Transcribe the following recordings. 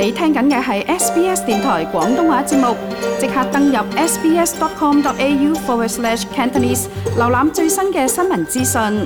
你聽緊嘅係 SBS 電台廣東話節目，即刻登入 sbs.com.au/cantonese an 瀏覽最新嘅新聞資訊。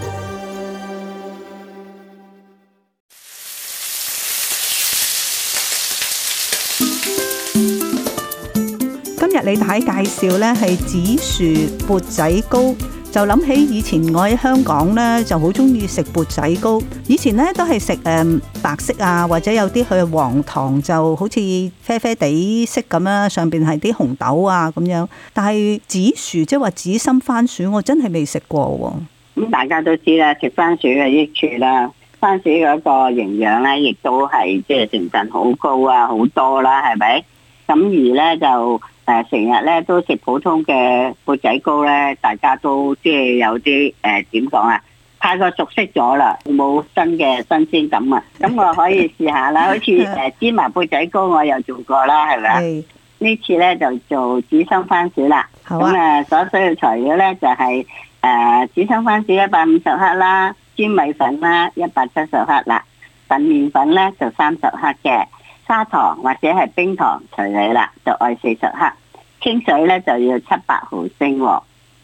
今日李太介紹咧係紫薯缽仔糕。就諗起以前我喺香港呢，就好中意食缽仔糕。以前呢，都係食誒白色啊，或者有啲佢黃糖，就好似啡啡地色咁啦，上面係啲紅豆啊咁樣。但係紫薯，即係話紫心番薯，我真係未食過啊。咁大家都知啦，食番薯嘅益處啦，番薯嗰個營養呢，亦都係即係成分好高啊，好多啦，係咪？咁而呢，就。誒，成、呃、日咧都食普通嘅缽仔糕咧，大家都即係有啲誒，點、呃、講啊？太過熟悉咗啦，冇新嘅新鮮感啊！咁我可以試下啦，好似誒、啊、芝麻缽仔糕我又做過啦，係咪啊？ 哎、次呢次咧就做紫心番薯啦。好啊！咁啊，所需要材料咧就係、是、誒紫心番薯一百五十克啦，煎、啊、米粉啦一百七十克啦，粉麵粉咧就三十克嘅砂糖或者係冰糖隨你啦，就愛四十克。清水咧，就要七百毫升，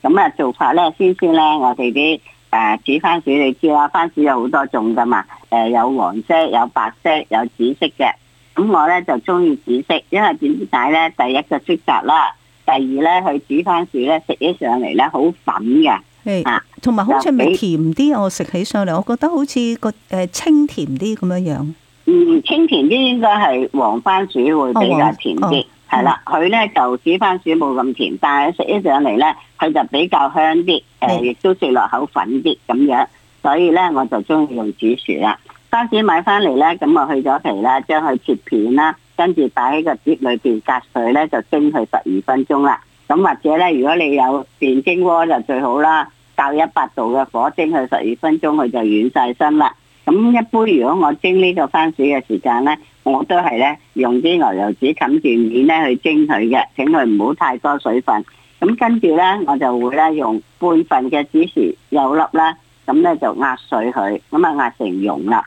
咁啊做法咧，先先咧，我哋啲誒煮番薯，你知啦，番薯有好多種噶嘛，誒有黃色、有白色、有紫色嘅，咁我咧就中意紫色，因為點解咧？第一個色澤啦，第二咧佢煮番薯咧食給起上嚟咧好粉嘅，啊，同埋好似咪甜啲，我食起上嚟，我覺得好似個誒清甜啲咁樣樣。嗯，清甜啲應該係黃番薯會比較甜啲。哦哦係啦，佢咧就煮番薯冇咁甜，但係食起上嚟，咧，佢就比較香啲，誒亦的都食落口粉啲咁樣，所以咧我就中意用紫薯啦。番薯買翻嚟咧，咁我去咗皮啦，將佢切片啦，跟住擺喺個碟裏邊隔水咧就蒸佢十二分鐘啦。咁或者咧，如果你有電蒸鍋就最好啦，較一百度嘅火蒸佢十二分鐘，佢就軟晒身啦。咁一般如果我蒸呢個番薯嘅時間呢，我都係呢用啲牛油紙冚住面呢去蒸佢嘅，令佢唔好太多水分。咁跟住呢，我就會呢用半份嘅紫薯有粒呢，咁呢就壓碎佢，咁啊壓成蓉啦。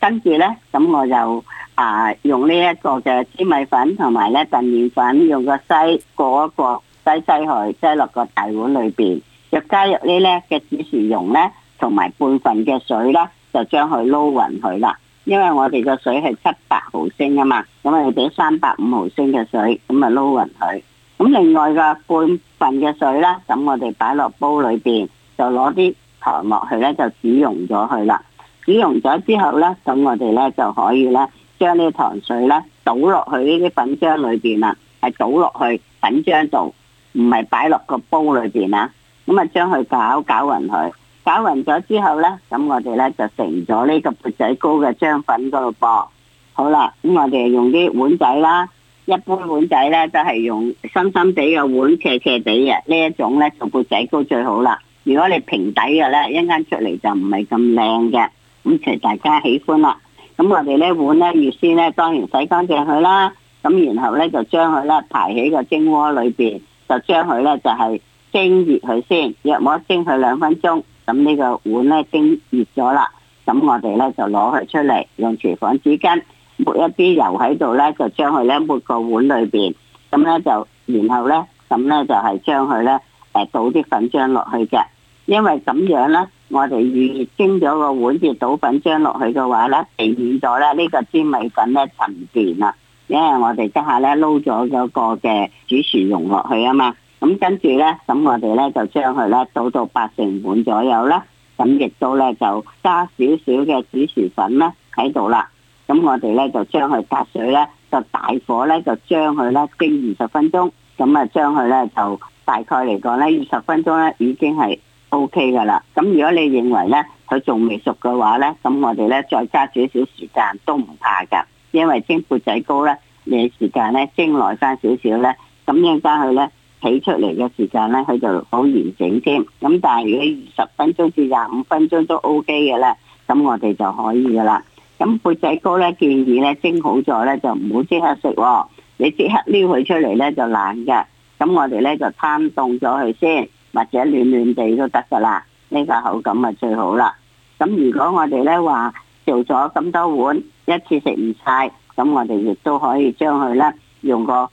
跟住呢，咁我就啊、呃、用呢一個嘅粘米粉同埋呢澄麵粉，用個篩過一過篩篩開，篩落個大碗裏邊，又加入呢呢嘅紫薯蓉呢，同埋半份嘅水啦。就將佢撈匀佢啦，因為我哋個水係七百毫升啊嘛，咁我哋俾三百五毫升嘅水，咁啊撈匀佢。咁另外個半份嘅水咧，咁我哋擺落煲裏邊，就攞啲糖落去咧，就煮溶咗佢啦。煮溶咗之後咧，咁我哋咧就可以咧，將呢糖水咧倒落去呢啲粉漿裏邊啦，係倒落去粉漿度，唔係擺落個煲裏邊啦。咁啊，將佢攪攪匀佢。攪勻咗之後呢，咁我哋呢就成咗呢個缽仔糕嘅漿粉嗰度噃。好啦，咁我哋用啲碗仔啦，一般碗仔呢都係用深深地嘅碗，斜斜地嘅呢一種呢，做缽仔糕最好啦。如果你平底嘅呢，一陣間出嚟，就唔係咁靚嘅。咁其實大家喜歡啦。咁我哋呢碗呢，預先呢當然洗乾淨佢啦。咁然後呢，就將佢呢排喺個蒸鍋裏邊，就將佢呢就係、是、蒸熱佢先，約摸蒸佢兩分鐘。咁呢個碗咧蒸熱咗啦，咁我哋咧就攞佢出嚟，用廚房紙巾抹一啲油喺度咧，就將佢咧抹個碗裏邊，咁咧就然後咧，咁咧就係將佢咧誒，倒啲粉漿落去嘅，因為咁樣咧，我哋預熱蒸咗個碗，要倒粉漿落去嘅話咧，避免咗咧呢個鮮米粉咧沉澱啦，因為我哋即下咧撈咗個嘅煮薯蓉落去啊嘛。咁跟住咧，咁我哋咧就將佢咧倒到八成滿左右咧，咁亦都咧就加少少嘅紫薯粉咧喺度啦。咁我哋咧就將佢隔水咧，就大火咧就將佢咧蒸二十分鐘。咁啊，將佢咧就大概嚟講咧，二十分鐘咧已經係 O K 㗎喇。咁如果你認為咧佢仲未熟嘅話咧，咁我哋咧再加少少時間都唔怕㗎，因為蒸缽仔糕咧你時間咧蒸耐翻少少咧，咁樣翻佢咧。起出嚟嘅時間咧，佢就好完整添。咁但係二十分鐘至廿五分鐘都 O K 嘅啦，咁我哋就可以噶啦。咁缽仔糕咧建議咧蒸好咗咧就唔好即刻食喎，你即刻撩佢出嚟咧就爛嘅。咁我哋咧就攤凍咗佢先，或者暖暖地都得噶啦。呢、這個口感啊最好啦。咁如果我哋咧話做咗咁多碗，一次食唔晒，咁我哋亦都可以將佢咧用個。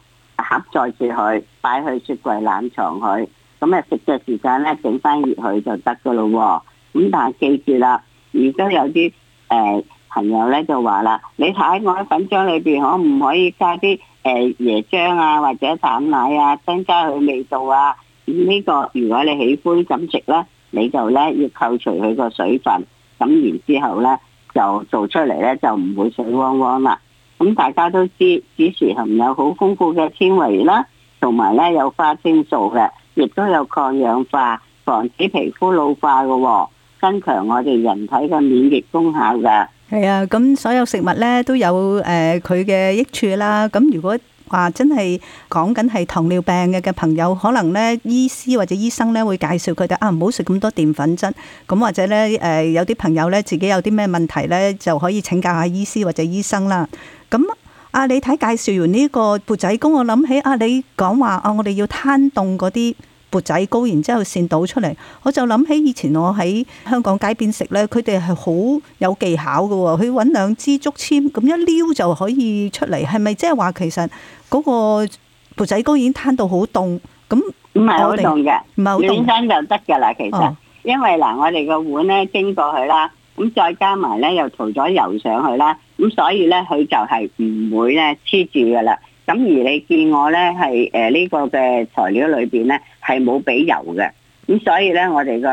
盒再住佢，擺去雪櫃冷藏佢，咁啊食嘅時間咧整翻熱佢就得噶咯喎。咁但係記住啦，而家有啲誒朋友咧就話啦，你睇我喺粉漿裏邊可唔可以加啲誒椰漿啊，或者淡奶啊，增加佢味道啊？咁呢個如果你喜歡咁食咧，你就咧要扣除佢個水分，咁然之後咧就做出嚟咧就唔會水汪汪啦。咁大家都知，紫薯含有好豐富嘅纖維啦，同埋咧有花青素嘅，亦都有抗氧化，防止皮膚老化嘅，增強我哋人體嘅免疫功效㗎。係啊，咁所有食物咧都有誒佢嘅益處啦。咁如果話真係講緊係糖尿病嘅嘅朋友，可能咧醫師或者醫生咧會介紹佢哋啊，唔好食咁多澱粉質。咁或者咧誒有啲朋友咧自己有啲咩問題咧，就可以請教下醫師或者醫生啦。咁啊，你睇介紹完呢個缽仔糕，我諗起阿、啊、你講話啊，我哋要攤凍嗰啲缽仔糕，然之後先倒出嚟，我就諗起以前我喺香港街邊食咧，佢哋係好有技巧㗎喎，佢揾兩支竹籤，咁一撩就可以出嚟。係咪即係話其實嗰個缽仔糕已經攤到好凍？咁唔係好凍嘅，唔係好凍，暖身就得㗎喇。其實，哦、因為嗱，我哋個碗咧經過去啦。咁再加埋咧，又塗咗油上去啦，咁所以咧佢就係唔會咧黐住噶啦。咁而你見我咧係誒呢、呃呢個嘅材料裏邊咧係冇俾油嘅，咁所以咧我哋個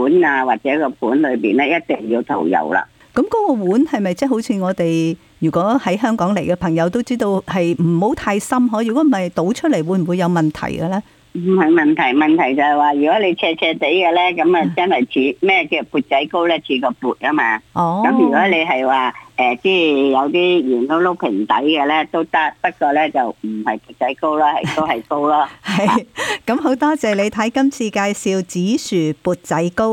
碗啊或者個盤裏邊咧一定要塗油啦。咁嗰個碗係咪即係好似我哋如果喺香港嚟嘅朋友都知道係唔好太深可？如果唔係倒出嚟會唔會有問題嘅咧？唔係問題，問題就係話如果你斜斜地嘅咧，咁啊真係似咩叫缽仔糕咧？似個缽啊嘛。哦。咁如果你係話誒，即、呃、係有啲圓碌碌平底嘅咧，都得，不過咧就唔係缽仔糕啦，都係糕咯。係 。咁好多謝你睇今次介紹紫薯缽仔糕。